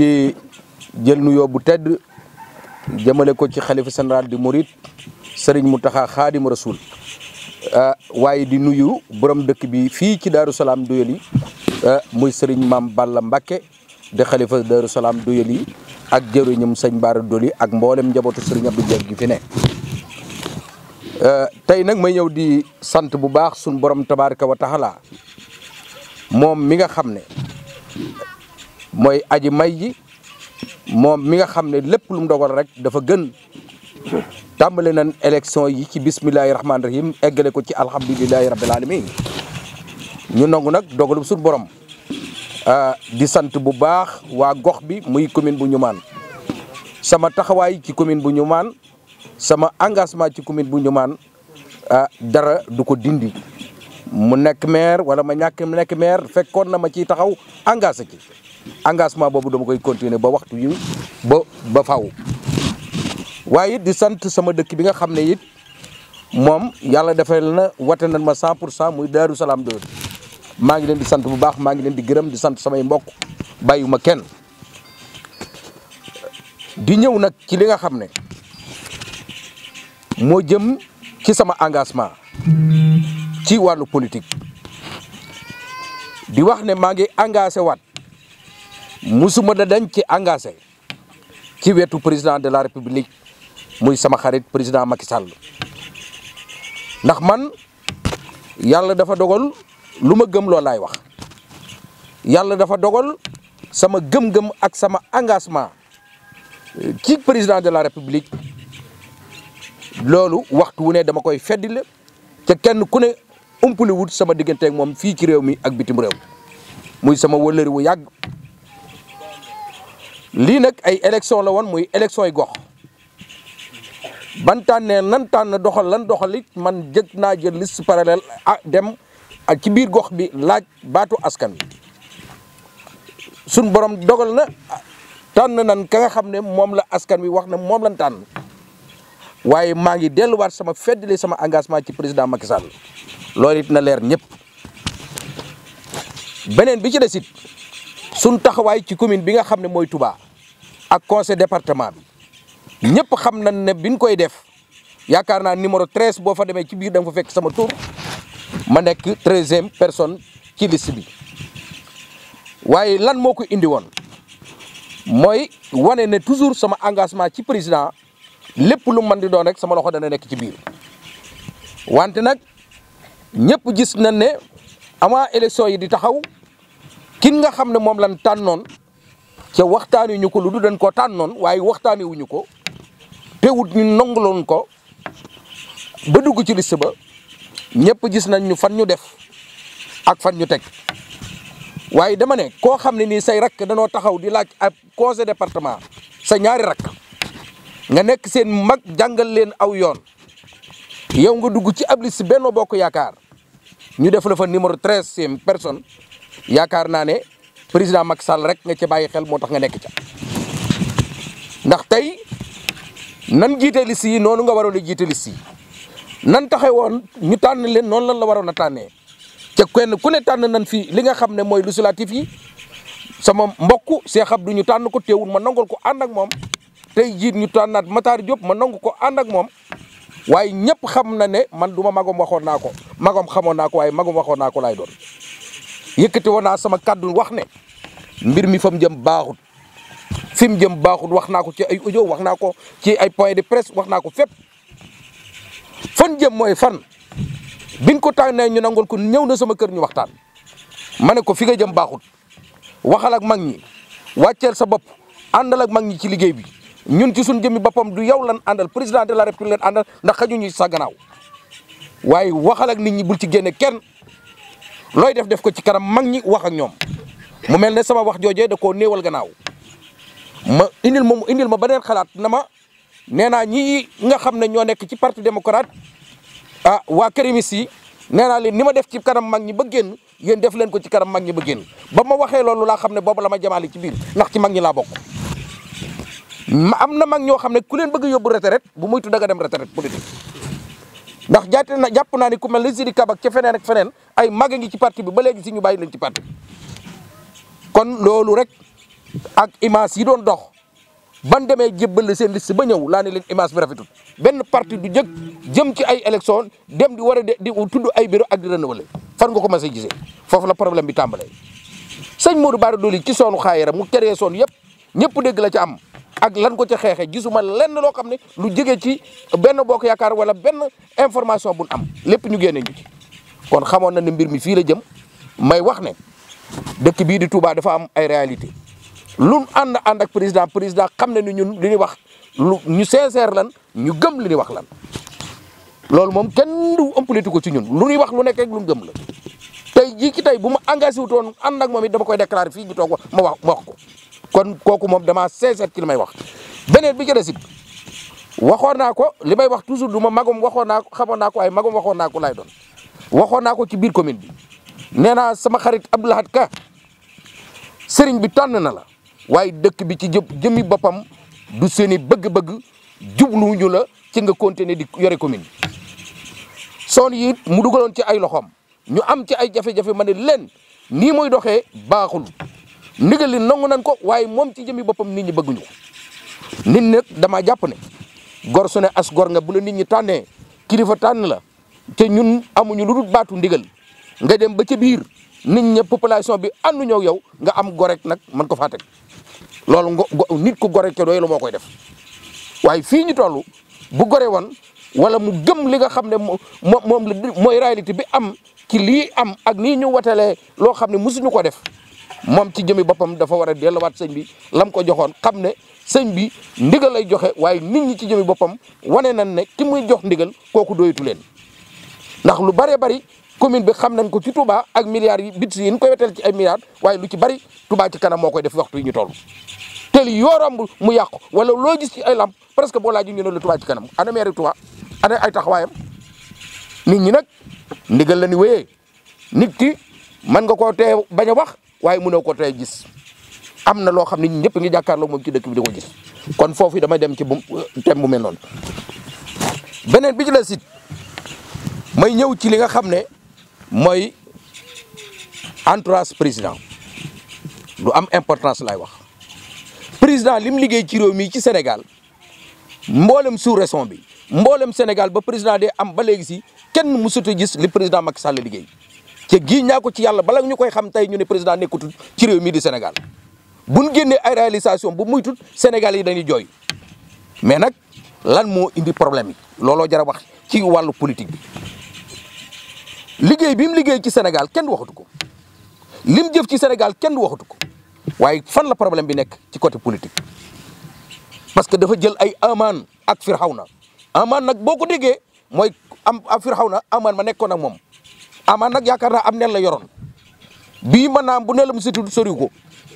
ngi jël nuyoo bu tedd jëmale ko ci xalifa général di Murit Serigne Mountakha Khadim Rasoul ah, waaye di nuyu borom dëkk bi fii ci Darou Salaam Doyali ah, muy Serigne Maam Balla Mbacké di xalifa Darou Salaam Doyali ak jëriñam sëñ Bara Doli ak mboolem njabootu Serigne Abdou Dieng gi fi ne. Ah, tey nag may ñëw di sant bu baax suñ borom tabaraka wa taala moom mi nga xam ne mooy aji may ji moom mi nga xam ne lépp lum mu dogal rek dafa gën tàmbale nan élection yi ci bismillahi rahmaani rahim eggale ko ci alhamdulillahi rabbil alamin ñu nangu nag dogalub suñu borom di sant bu baax waa gox bi muy commune bu ñumaan sama taxawaay ci commune bu Ndioumane sama engagement ci commune bu Ndioumane dara du ko dindi mu nekk maire wala ma ñàkk nekk maire fekkoon na ma ciy taxaw engagé ci engagement boobu dama koy continuer ba waxtu yi ba ba faw waaye di sant sama dëkk bi nga xam ne it moom yàlla defal na wate nañ ma 100 pour cent muy Daaru Salaam doon maa ngi leen di sant bu baax maa ngi leen di gërëm di sant samay mbokk bàyyiwuma kenn di ñëw nag ci li nga xam ne moo jëm ci sama engagement ci wàllu politique di wax ne maa ngi engagé waat musuma da dañ ci engagé ci wetu président de la république muy sama xarit président Macky Sall ndax man yàlla dafa dogal lu ma gëm loolu laay wax yàlla dafa dogal sama gëm-gëm ak sama engagement ci président de la république loolu waxtu wu ne dama koy feddile te kenn ku ne umpale wut sama diggante ak moom fii ci réew mi ak bitim réew muy sama wëllëri wu yàgg. lii nag ay élection la woon muy élection yi gox ban tànnee nan tànn doxal lan doxal man jëkk naa jël si parallèle ah dem ak ci biir gox bi laaj baatu askan wi suñ borom dogal na tànn nan ka nga xam ne moom la askan wi wax na moom lan tànn waaye maa ngi delluwaat sama feddali sama engagement ci président Macky Sall loolu it na leer ñëpp beneen bi ci des suñ taxawaay ci commune bi nga xam ne mooy Touba ak conseil département bi ñëpp xam nañ ne biñ koy def yaakaar naa numéro 13 boo fa demee ci biir da nga fekk sama tur ma nekk treizième personne ci liste bi waaye lan moo ko indi woon mooy wane ne toujours sama engagement ci président lépp lu mën di doon rek sama loxo dana nekk ci biir wante nag ñëpp gis nañ ne avant élection yi di taxaw kin nga xam ne moom lan tànnoon ca waxtaani ñu ko lu du dañ koo noon waaye waxtaani wuñu ko teewut ñu nongaloon ko ba dugg ci liste ba ñëpp gis nañ ñu fan ñu def ak fan ñu teg waaye dama ne koo xam ne nii say rakk danoo taxaw di laaj ab conseil département sa ñaari rakk nga nekk seen mag jàngal leen aw yoon yow nga dugg ci ab liste Benno Bokk Yaakaar ñu def la fa numéro treizième personne yaakaar naa ne président Macky Sall rek nga ci bàyyi xel moo tax nga nekk ca ndax tey nan jiite liste yi noonu nga waroon a jiite liste yi nan taxe woon ñu tànn leen noonu lan la waroon a tànnee ca kenn ku ne tànn nan fi li nga xam ne mooy législatif yi sama mbokk Cheikh du ñu tànn ko teewul ma nangul ko ànd ak moom tey jiit ñu tànnaat mataar Diop ma nangu ko ànd moom waaye ñëpp xam na ne man du ma magom waxoon naa ko magoom xamoon naa ko waaye magom waxoon naa ko laay doon yëkkati woon naa sama kàddu wax ne mbir mi fa mu jëm baaxut fi mu jëm baaxut wax naa ko ci ay audio wax naa ko ci ay point de presse wax naa ko fépp fan jëm mooy fan biñ ko tànnee ñu nangul ko ñëw na sama kër ñu waxtaan ma ne ko fi nga jëm baaxut waxal ak mag ñi wàcceel sa bopp àndal ak mag ñi ci liggéey bi ñun ci suñ jëmmi boppam du yow lan àndal président de la république leen àndal ndax xañu ñu sa gannaaw waaye waxal nit ñi bul ci génne kenn looy def def ko ci kanam mag ñi wax ak ñoom mu mel ne sama wax joojee da koo neewal gannaaw ma indil ma indil ma beneen xalaat na ma nee naa ñii nga xam ne ñoo nekk ci parti démocrate ah waa kër yi si naa leen ni ma def ci kanam mag ñi ba génn yéen def leen ko ci kanam mag ñi ba génn ba ma waxee loolu laa xam ne boobu la ma jamaale ci biir ndax ci mag ñi laa bokk. ma am na mag ñoo xam ne ku leen bëgg yóbbu retraite bu muytu da nga dem retraite politique ndax jaate na jàpp naa ne ku mel ne Sidi Kabak ca feneen ak ay mag ngi ci parti bi ba léegi si ñu bàyyi nañ ci parti bi kon loolu rek ak image yi doon dox ban demee jébbal seen liste ba ñëw laa ne leen image bi rafetul benn parti du jëkk jëm ci ay élection dem di war a di tudd ay bureau ak di renouveler fan nga commencé gisee foofu la problème bi tàmbalee sëñ Modou Bara Dolly ci soonu xaayara mu créé soon yëpp ñëpp dégg la ca am ak lan ko ci xeexee gisuma lenn loo xam ne lu jóge ci benn bokk yaakaar wala benn information buñ am lépp ñu génne ñu kon xamoon na ne mbir mi fii la jëm may wax ne dëkk bii di Touba dafa am ay réalité lu ànd ànd ak président président xam ne ni ñun li ñuy wax lu ñu sincère lan ñu gëm li ñuy wax lan loolu moom kenn du ëmpalitu ko ci ñun lu ñuy wax lu nekk rek lu gëm la tey jii ci tey bu ma engagé toon ànd ak moom it dama koy déclaré fii ñu toog ma wax ma wax ko kon kooku moom damaa sincère ci li may wax beneen bi ci des it waxoon naa ko li may wax toujours du ma magom waxoon naa ko xamoon naa ko waaye magom waxoon naa ko laay doon waxoon naa ko ci biir commune bi nee naa sama xarit Abdou Lahad Ka sëriñ bi tànn na la waaye dëkk bi ci jë jëmmi boppam du seeni bëgg-bëgg jubluwuñu la ci nga continuer di yore commune bi soon yit mu dugaloon ci ay loxoom ñu am ci ay jafe-jafe ma ne leen nii muy doxee baaxul ndigal li nangu nañ ko waaye moom ci jëmi boppam nit ñi bëgguñu ko nit nag damaa jàpp ne gor su as gor nga bu la nit ñi tànnee kilifa tànn la te ñun amuñu lu dul baatu ndigal nga dem ba ca biir nit ña population bi ànduñoo yow nga am gorek nag man ko faa loolu nit ku gorek te doy la moo koy def waaye fii ñu toll bu gore woon wala mu gëm li nga xam ne moom moom mooy réalité bi am ci lii am ak nii ñu watalee loo xam ne mosuñu ko def moom ci jëmi boppam dafa war a delluwaat sëñ bi lam ko joxoon xam ne sëñ bi ndigal lay joxe waaye nit ñi ci jëmi boppam wane nañ ne ki muy jox ndigal kooku doyatu leen ndax lu bëree bari commune bi xam nañ ko ci Touba ak milliards yi bits yi ñu koy wetal ci ay milliards waaye lu ci bëri Touba ci kanam moo koy def waxtu yi ñu toll te li mu yàqu wala loo gis ci ay lamp presque boo laajee ñu ne la Touba ci kanam ana maire Touba ana ay taxawaayam nit ñi nag ndigal la ñu wéyee nit ki mën nga koo tee bañ a wax waaye mënoo ko te gis am na loo xam ne ñëpp ngi jàkkaarloo moom ci dëkk bi di ko gis kon foofu damay dem ci bu thème bu mel noonu beneen bi ci la sit may ñëw ci li nga xam ne mooy entourage président lu am importance lay wax président li mu liggéey ci réew mi ci Sénégal mboolem sous-région bi mboolem Sénégal ba président de am ba léegi si kenn mësut a gis li président mak Sall liggéey te gii ñaako ci yàlla bala ñu koy xam tey ñu ne président nekkutul ci réew mii di Sénégal bu génnee ay réalisation bu muytul Sénégal yi dañuy joy mais nag lan moo indi problème yi looloo jar a wax ci wàllu politique liggéey bi liggéey ci Sénégal kenn waxatu ko lim jëf ci Sénégal kenn waxatu ko waaye fan la problème bi nekk ci côté politique parce que dafa jël ay amaan ak Firawna amaan nag boo ko déggee mooy am Firawna amaan ma nekkoon ak moom. amaan nag yaakaar naa am nen la yoroon bii naam bu ne la mu situl soriw ko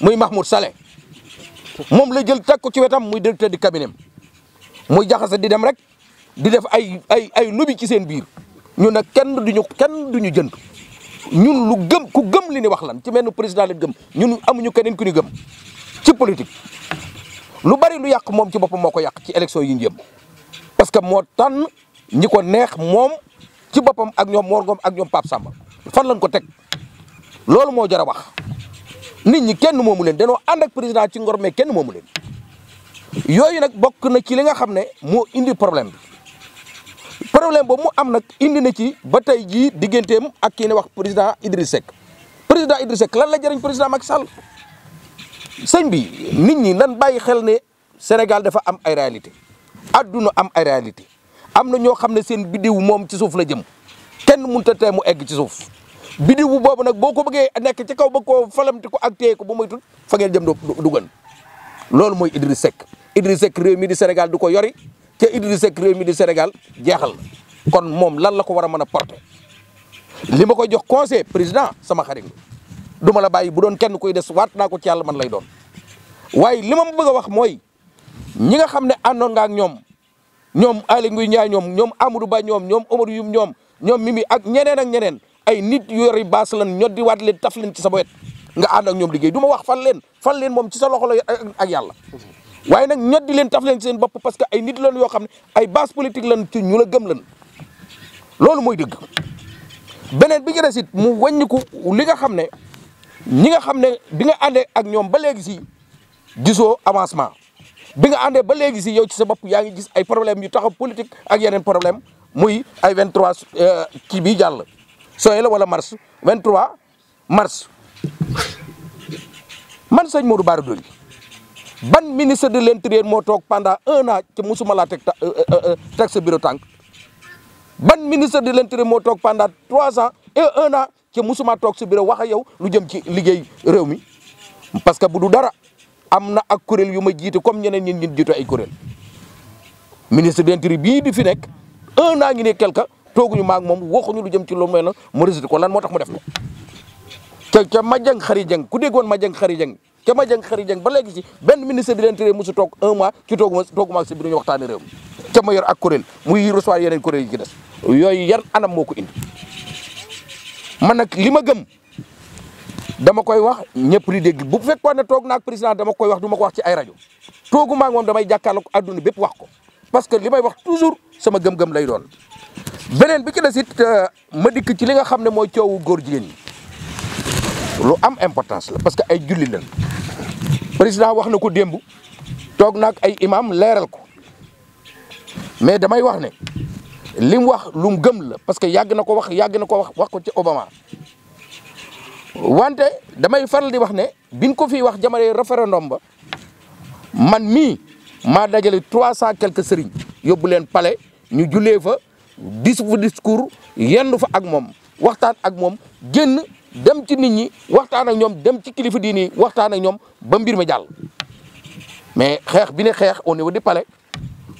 muy Mahmoud Saleh moom la jël teg ko ci wetam muy directeur di cabinet muy jaxase di dem rek di def ay ay ay lobby ci seen biir ñu ne kenn duñu kenn duñu jënd ñun lu gëm ku gëm li ni wax lan ci mel ni président lañ gëm ñun amuñu keneen ku ñu gëm ci politique lu bari lu yàq moom ci boppam moo ko yàq ci élection yi ñu jëm parce que moo tànn ñi ko neex moom ci boppam ak ñoom Mor ak ñoom Pape Samba fan lañ ko teg loolu moo jar a wax nit ñi kenn moomu leen danoo ànd ak président ci ngor mais kenn moomu leen yooyu nag bokk na ci li nga xam ne moo indi problème bi problème boobu mu am nag indi na ci ba tey jii digganteem ak kii ne wax président Idriss Seck président Idriss Seck lan la jëriñ président Macky sal sëñ bi nit ñi nan bàyyi xel ne Sénégal dafa am ay réalité adduna am ay réalité am na ñoo xam ne seen biddiw moom ci suuf la jëm kenn mënut a tee mu egg ci suuf biddiw bu boobu nag boo ko bëggee nekk ci kaw ba koo falamti ko ak téye ko ba moytul fa ngeen jëm du gën loolu mooy Idriss Seck Idriss Seck réew di Sénégal du ko yori te Idriss Seck réew mi jeexal na kon moom lan la ko war a mën a porter li ma koy jox conseil président sama xarit du ma la bàyyi bu doon kenn kuy des waat naa ko ci yàlla man lay doon waaye li ma bëgg a wax mooy ñi nga xam ne àndoon nga ak ñoom. ñoom Aly Ngouille ñoom ñoom Amadou Ba ñoom ñoom Oumar Youm ñoom ñoom Mimi ak ñeneen ak ñeneen ay nit yu yori baas lan ñoddi waat leen taf leen ci sa wet nga ànd ak ñoom liggéey du ma wax fan leen fan leen moom ci sa loxo la ak yàlla waaye nag ñoddi leen taf leen ci seen bopp parce que ay nit lan yoo xam ne ay base politique lan ci ñu la gëm lan loolu mooy dëgg beneen bi ci des sit mu wàññiku li nga xam ne ñi nga xam ne bi nga àndee ak ñoom ba léegi si gisoo avancement bi nga àndee ba léegi si yow ci sa bopp yaa ngi gis ay problème yu taxaw politique ak yeneen problème muy ay 23 euh, kii bii jàll sooy la wala mars 23 mars man sëñ Modou Bara Dolly ban ministre de l'intérieur moo toog pendant un an te laa teg euh, euh, teg sa bureau tànk ban ministre de l'intérieur moo toog pendant trois ans et un an te musuma toog sa bureau wax ak yow lu jëm ci liggéey réew mi parce bu du dara am na ak kuréel yu ma jiite comme ñeneen ñi ñu jiite ay kuréel ministre de l'Intérieur bii di fi nekk un an ngi ne quelque tooguñu maak moom waxuñu lu jëm ci lu mel na mu rejeté ko lan moo tax mu def ko ca ma Madiang Khary Dieng ku ma déggoon Madiang Khary Dieng ma Madiang Khary Dieng ba léegi ci benn ministre de l'Intérieur musu toog un mois ci toogu ma toogu maag si bi ñu waxtaanee réew ma yor ak kuréel muy recevoir yeneen kuréel yi ci des yooyu yan anam moo ko indi nag li ma gëm dama koy wax ñëpp di dégg bu fekkoon ne toog naag président dama koy wax du ma ko wax ci ay rajo toogu maag moom damay jàkkaarloo ko adduna bépp wax ko parce que li may wax toujours sama gëm-gëm lay doon. beneen bi kë des it euh, ma dikk ci li nga xam ne mooy coowu góor jigéen lu am importance la parce que ay julli lañ président wax na ko démb toog nag ay imam leeral ko mais damay wax ne li mu wax lu mu gëm la parce que yàgg na ko wax yàgg na ko wax wax ko ci Obama. wante damay faral di wax ne biñ ko fi wax jamono référendum ba man mi maa dajale trois cent quelque sëriñ yóbbu leen palais ñu julee fa dis fa discours yendu fa ak moom waxtaan ak moom génn dem ci nit ñi waxtaan ak ñoom dem ci kilifa diini yi waxtaan ak ñoom ba mbir ma jàll mais xeex bi ne xeex au niveau du palais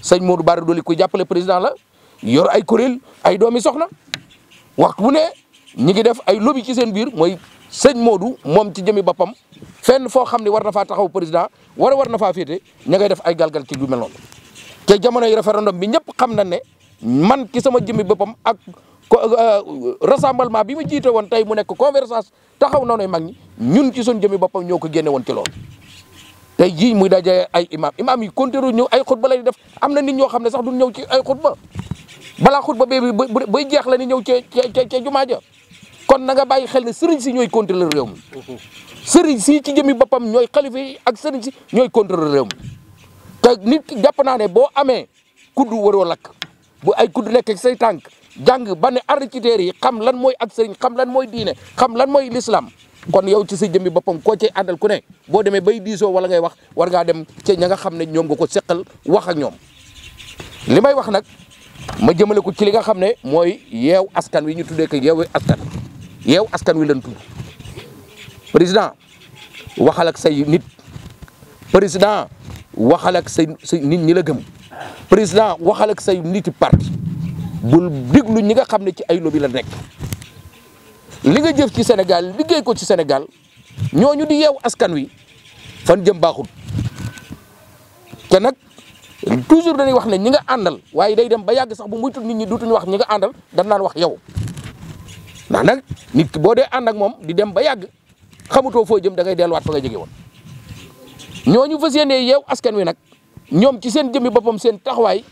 sëñ Modou Bara Dolly kuy jàppale président la yor ay kuréel ay doomi soxna waxtu bu ne ñi ngi def ay lobby ci seen biir mooy sëñ Modou moom ci jëmi boppam fenn foo xam ne war na faa taxaw président war war na faa féete ña ngay def ay galgal ci lu te jamono yi référendum bi ñëpp xam na ne man ki sama jëmi boppam ak euh, rassemblement bi mu jiite woon tey mu nekk convergence taxaw noonu mag ñi ñun ci suñ jëmi boppam ñoo ko génne woon ci loolu tey jii muy daje ay imam imam yi kontéru ñëw ay xutba lay def am na nit ñoo xam ne sax du ñëw ci ay xutba balaa xutba bee bay jeex la ni ñëw ca ca ca jumaa ja kon na nga bàyyi xel ne sëriñ si ñooy contrôleur réew mi sëriñ si ci jëmi boppam ñooy xalifa yi ak sëriñ si ñooy contrôleur réew mi te nit jàpp naa ne boo amee kuddu waroo lakk bu ay kudd nekk say tànk jàng ba ne ar yi xam lan mooy ak sëriñ xam lan mooy diine xam lan mooy l'islam kon yow ci sa jëmmi boppam koo cay àndal ku ne boo demee bay diisoo wala ngay wax war ngaa dem ca ña nga xam ne ñoom nga ko seqal wax ak ñoom li may wax nag ma jëmale ko ci li nga xam ne mooy yeew askan wi ñu tuddee ko yeewu yeew askan wi lan tudd président waxalak say nit président waxal ak say nit ñi la gëm président waxalak say niti parti bul diglu ñi nga xam ne ci ay lobby la nekk li nga jëf ci Sénégal liggéey ko ci Sénégal ñooñu di yeew askan wi fan jëm baaxul te nag toujours dañuy wax ne ñi nga àndal waaye day dem ba yàgg sax bu muy tudd ni ñi duutuñu wax ñi nga àndal dañ naan wax yow ndax nag nit boo dee ànd ak moom di dem ba yàgg xamutoo foo jëm da delluwaat fa nga jóge woon ñooñu fas yéenee yeew askan wi nag ñoom ci seen jëmmi boppam seen taxawaay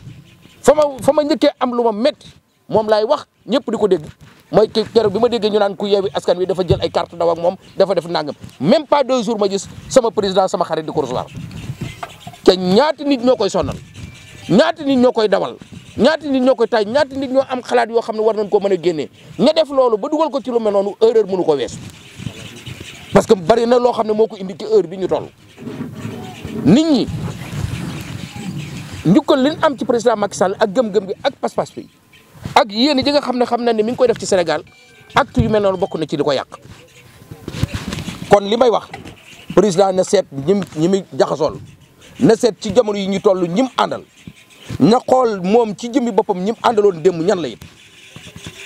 fa ma fa ma njëkkee am lu ma métti moom laay wax ñëpp di ko dégg mooy keroog bi ma déggee ñu naan ku yeewi askan wi dafa jël ay carte daw ak moom dafa def nangam même pas deux jours ma gis sama président sama xarit di ko recevoir te ñaata nit ñoo koy sonnal ñaata nit ñoo koy dawal ñaati nit ñoo ko taaj ñaati nit ñoo am xalaat yoo xam ne war nañ ko mën a génnee ña def loolu ba dugal ko ci lu mel noonu erreur mënu ko weesu parce que bari na loo xam ne moo ko indi ci heure bi ñu toll nit ñi njukkal liñ am ci président Macky Sall ak gëm-gëm bi ak pas-pas bi ak yéen ji nga xam ne xam na ne mi ngi koy def ci Sénégal acte yu mel noonu bokk na ci li ko yàq kon li may wax président na seet ñi ñimi muy jaxasool na seet ci jamono yi ñu toll ñim àndal na xool moom ci jëmmi boppam ñi mu àndaloon démb ñan la it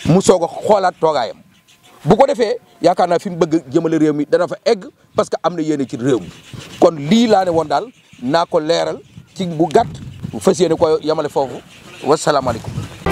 mu soog a xoolaat toogaayam bu ko defee yaakaar naa fi mu bëgg jëmale réew mi dana fa egg parce que am na yéene ci réew mi kon lii laa woon daal naa ko leeral ci bu gàtt fas yéene ko yamale foofu wasalaamaaleykum